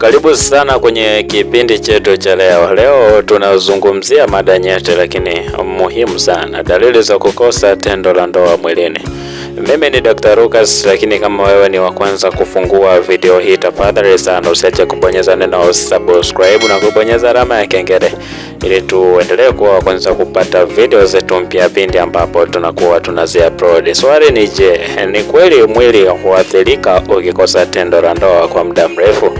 Karibu sana kwenye kipindi chetu cha leo. Leo tunazungumzia mada nyeti lakini muhimu sana, dalili za kukosa tendo la ndoa mwilini. Mimi ni Dr. Lucas, lakini kama wewe ni wa kwanza kufungua video hii, tafadhali sana usiache kubonyeza neno subscribe na kubonyeza alama ya kengele ili tuendelee kuwa wa kwanza kupata video zetu mpya pindi ambapo tunakuwa upload. Swali ni je, ni kweli mwili huathirika ukikosa tendo la ndoa kwa muda mrefu?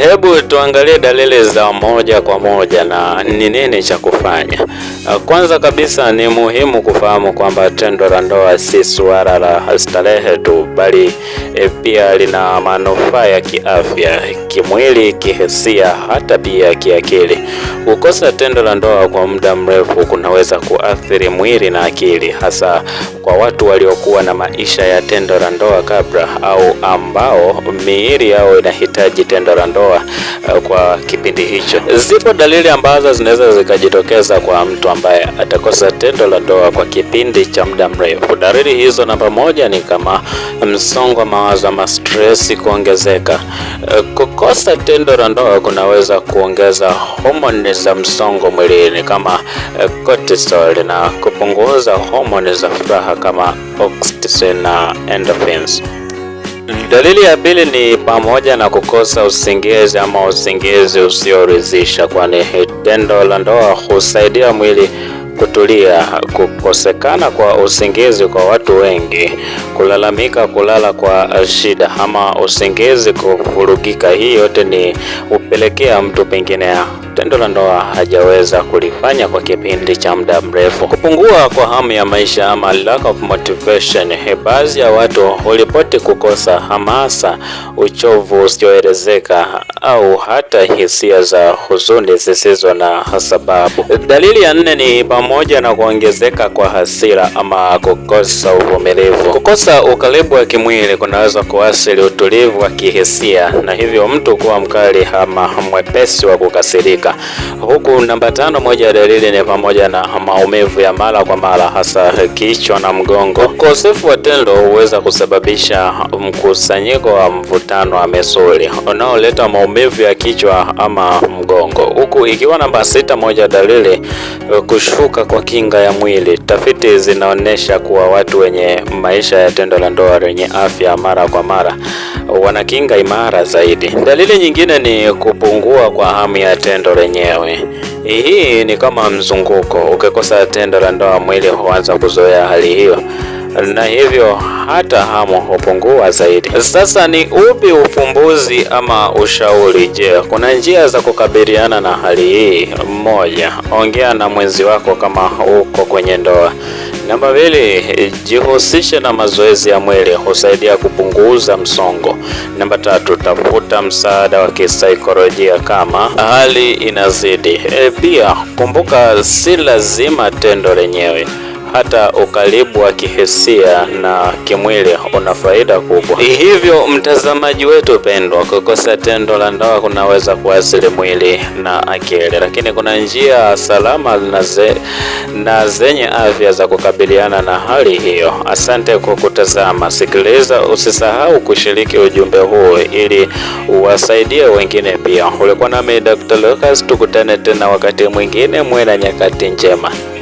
Hebu tuangalie dalili za moja kwa moja na ni nini cha kufanya. Uh, kwanza kabisa ni muhimu kufahamu kwamba tendo la ndoa si suala la starehe tu, bali e, pia lina manufaa ya kiafya, kimwili, kihisia, hata pia kiakili. Kukosa tendo la ndoa kwa muda mrefu kunaweza kuathiri mwili na akili, hasa kwa watu waliokuwa na maisha ya tendo la ndoa kabla au ambao miili yao inahitaji tendo la ndoa hewa uh, kwa kipindi hicho. Zipo dalili ambazo zinaweza zikajitokeza kwa mtu ambaye atakosa tendo la ndoa kwa kipindi cha muda mrefu. Dalili hizo namba moja ni kama msongo wa mawazo ama stress kuongezeka. Uh, kukosa tendo la ndoa kunaweza kuongeza homoni za msongo mwilini kama uh, cortisol na kupunguza homoni za furaha kama oxytocin na endorphins. Dalili ya pili ni pamoja na kukosa usingizi ama usingizi usioridhisha, kwani tendo la ndoa husaidia mwili kutulia. Kukosekana kwa usingizi kwa watu wengi, kulalamika kulala kwa shida ama usingizi kuvurugika, hii yote ni upelekea mtu pengine tendo la ndoa hajaweza kulifanya kwa kipindi cha muda mrefu. Kupungua kwa hamu ya maisha ama lack of motivation, baadhi ya watu hulipoti kukosa hamasa, uchovu usioelezeka au hata hisia za huzuni zisizo na sababu. Dalili ya nne ni pamoja na kuongezeka kwa hasira ama kukosa uvumilivu. Kukosa ukaribu wa kimwili kunaweza kuathiri utulivu wa kihisia na hivyo mtu kuwa mkali ama mwepesi wa kukasirika kuongezeka, huku namba tano, moja ya dalili ni pamoja na maumivu ya mara kwa mara, hasa kichwa na mgongo. Ukosefu wa tendo huweza kusababisha mkusanyiko wa mvutano wa misuli unaoleta maumivu ya kichwa ama mgongo, huku ikiwa namba sita, moja ya dalili kushuka kwa kinga ya mwili. Tafiti zinaonyesha kuwa watu wenye maisha ya tendo la ndoa lenye afya mara kwa mara wana kinga imara zaidi. Dalili nyingine ni kupungua kwa hamu ya tendo lenyewe. Hii ni kama mzunguko, ukikosa tendo la ndoa mwili huanza kuzoea hali hiyo na hivyo hata hamu hupungua zaidi. Sasa ni upi ufumbuzi ama ushauri? Je, kuna njia za kukabiliana na hali hii? Moja, ongea na mwenzi wako kama uko kwenye ndoa. Namba mbili, jihusishe na mazoezi ya mwili, husaidia kupunguza msongo. Namba tatu, tafuta msaada wa kisaikolojia kama hali inazidi. E, pia kumbuka si lazima tendo lenyewe hata ukaribu wa kihisia na kimwili una faida kubwa. Hivyo mtazamaji wetu pendwa, kukosa tendo la ndoa kunaweza kuathiri mwili na akili, lakini kuna njia salama na, ze, na zenye afya za kukabiliana na hali hiyo. Asante kwa kutazama, sikiliza, usisahau kushiriki ujumbe huu ili uwasaidie wengine pia. Ulikuwa nami Dr. Lucas, tukutane tena wakati mwingine. Mwe na nyakati njema.